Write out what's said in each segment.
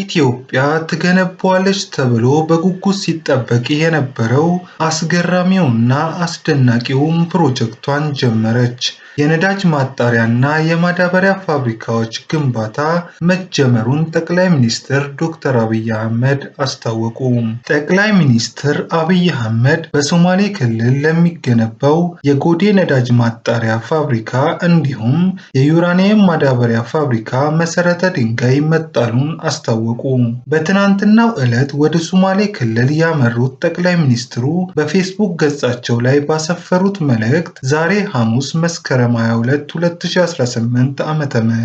ኢትዮጵያ ትገነባዋለች ተብሎ በጉጉት ሲጠበቅ የነበረው አስገራሚውና አስደናቂውም ፕሮጀክቷን ጀመረች። የነዳጅ ማጣሪያና የማዳበሪያ ፋብሪካዎች ግንባታ መጀመሩን ጠቅላይ ሚኒስትር ዶክተር አብይ አህመድ አስታወቁ። ጠቅላይ ሚኒስትር አብይ አህመድ በሶማሌ ክልል ለሚገነባው የጎዴ ነዳጅ ማጣሪያ ፋብሪካ እንዲሁም የዩራኒየም ማዳበሪያ ፋብሪካ መሰረተ ድንጋይ መጣሉን አስታወቁ። በትናንትናው ዕለት ወደ ሶማሌ ክልል ያመሩት ጠቅላይ ሚኒስትሩ በፌስቡክ ገጻቸው ላይ ባሰፈሩት መልእክት ዛሬ ሐሙስ መስከረም መስከረም 22 2018 ዓ ም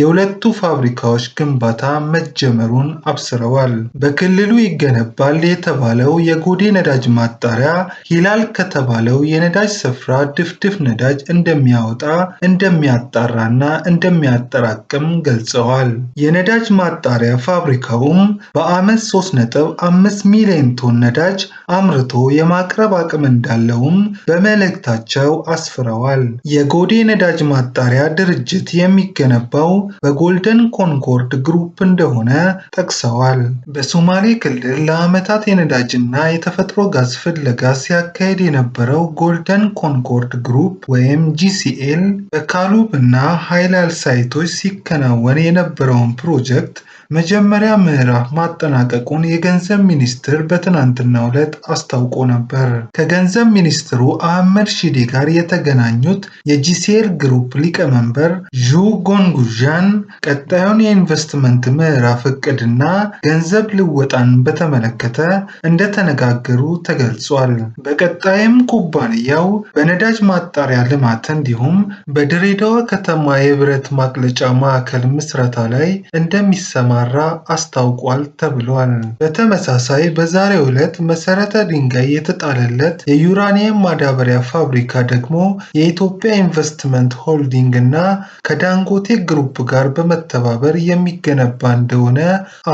የሁለቱ ፋብሪካዎች ግንባታ መጀመሩን አብስረዋል። በክልሉ ይገነባል የተባለው የጎዴ ነዳጅ ማጣሪያ ሂላል ከተባለው የነዳጅ ስፍራ ድፍድፍ ነዳጅ እንደሚያወጣ እንደሚያጣራና እንደሚያጠራቅም ገልጸዋል። የነዳጅ ማጣሪያ ፋብሪካውም በዓመት 3.5 ሚሊዮን ቶን ነዳጅ አምርቶ የማቅረብ አቅም እንዳለውም በመልእክታቸው አስፍረዋል። የጎ ወደ የነዳጅ ማጣሪያ ድርጅት የሚገነባው በጎልደን ኮንኮርድ ግሩፕ እንደሆነ ጠቅሰዋል። በሶማሌ ክልል ለዓመታት የነዳጅና የተፈጥሮ ጋዝ ፍለጋ ሲያካሄድ የነበረው ጎልደን ኮንኮርድ ግሩፕ ወይም ጂሲኤል በካሉብ እና ሀይላል ሳይቶች ሲከናወን የነበረውን ፕሮጀክት መጀመሪያ ምዕራፍ ማጠናቀቁን የገንዘብ ሚኒስትር በትናንትናው ዕለት አስታውቆ ነበር። ከገንዘብ ሚኒስትሩ አህመድ ሺዴ ጋር የተገናኙት የጂ የኪሴር ግሩፕ ሊቀመንበር ዡ ጎንጉዣን ቀጣዩን የኢንቨስትመንት ምዕራፍ እቅድና ገንዘብ ልወጣን በተመለከተ እንደተነጋገሩ ተገልጿል። በቀጣይም ኩባንያው በነዳጅ ማጣሪያ ልማት እንዲሁም በድሬዳዋ ከተማ የብረት ማቅለጫ ማዕከል ምስረታ ላይ እንደሚሰማራ አስታውቋል ተብሏል። በተመሳሳይ በዛሬው ዕለት መሰረተ ድንጋይ የተጣለለት የዩራኒየም ማዳበሪያ ፋብሪካ ደግሞ የኢትዮጵያ ኢንቨስት ኢንቨስትመንት ሆልዲንግ እና ከዳንጎቴ ግሩፕ ጋር በመተባበር የሚገነባ እንደሆነ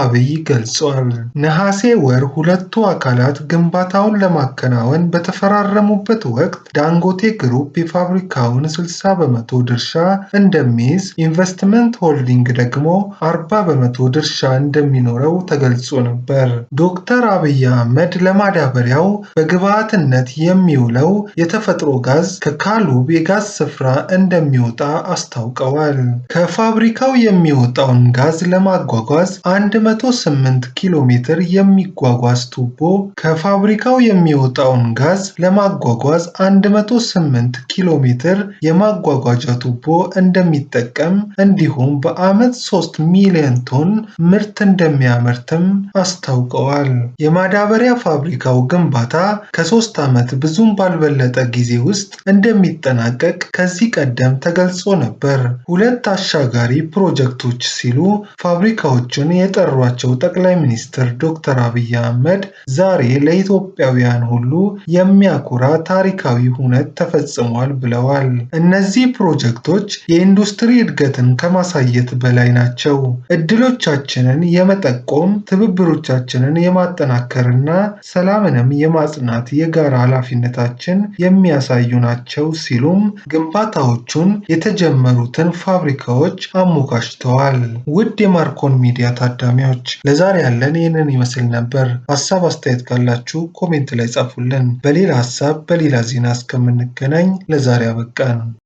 አብይ ገልጿል። ነሐሴ ወር ሁለቱ አካላት ግንባታውን ለማከናወን በተፈራረሙበት ወቅት ዳንጎቴ ግሩፕ የፋብሪካውን 60 በመቶ ድርሻ እንደሚይዝ፣ ኢንቨስትመንት ሆልዲንግ ደግሞ 40 በመቶ ድርሻ እንደሚኖረው ተገልጾ ነበር። ዶክተር አብይ አህመድ ለማዳበሪያው በግብዓትነት የሚውለው የተፈጥሮ ጋዝ ከካሉብ የጋዝ ስፍራ ስፍራ እንደሚወጣ አስታውቀዋል። ከፋብሪካው የሚወጣውን ጋዝ ለማጓጓዝ 108 ኪሎ ሜትር የሚጓጓዝ ቱቦ ከፋብሪካው የሚወጣውን ጋዝ ለማጓጓዝ 108 ኪሎ ሜትር የማጓጓዣ ቱቦ እንደሚጠቀም እንዲሁም በዓመት 3 ሚሊዮን ቶን ምርት እንደሚያመርትም አስታውቀዋል። የማዳበሪያ ፋብሪካው ግንባታ ከሶስት ዓመት ብዙም ባልበለጠ ጊዜ ውስጥ እንደሚጠናቀቅ ከ ከዚህ ቀደም ተገልጾ ነበር። ሁለት አሻጋሪ ፕሮጀክቶች ሲሉ ፋብሪካዎቹን የጠሯቸው ጠቅላይ ሚኒስትር ዶክተር አብይ አህመድ ዛሬ ለኢትዮጵያውያን ሁሉ የሚያኮራ ታሪካዊ ሁነት ተፈጽሟል ብለዋል። እነዚህ ፕሮጀክቶች የኢንዱስትሪ እድገትን ከማሳየት በላይ ናቸው። እድሎቻችንን የመጠቆም ትብብሮቻችንን የማጠናከርና ሰላምንም የማጽናት የጋራ ኃላፊነታችን የሚያሳዩ ናቸው ሲሉም ግንባ ግንባታዎቹን የተጀመሩትን ፋብሪካዎች አሞካሽተዋል። ውድ የማርኮን ሚዲያ ታዳሚዎች ለዛሬ ያለን ይህንን ይመስል ነበር። ሀሳብ አስተያየት ካላችሁ ኮሜንት ላይ ጻፉልን። በሌላ ሀሳብ በሌላ ዜና እስከምንገናኝ ለዛሬ አበቃን።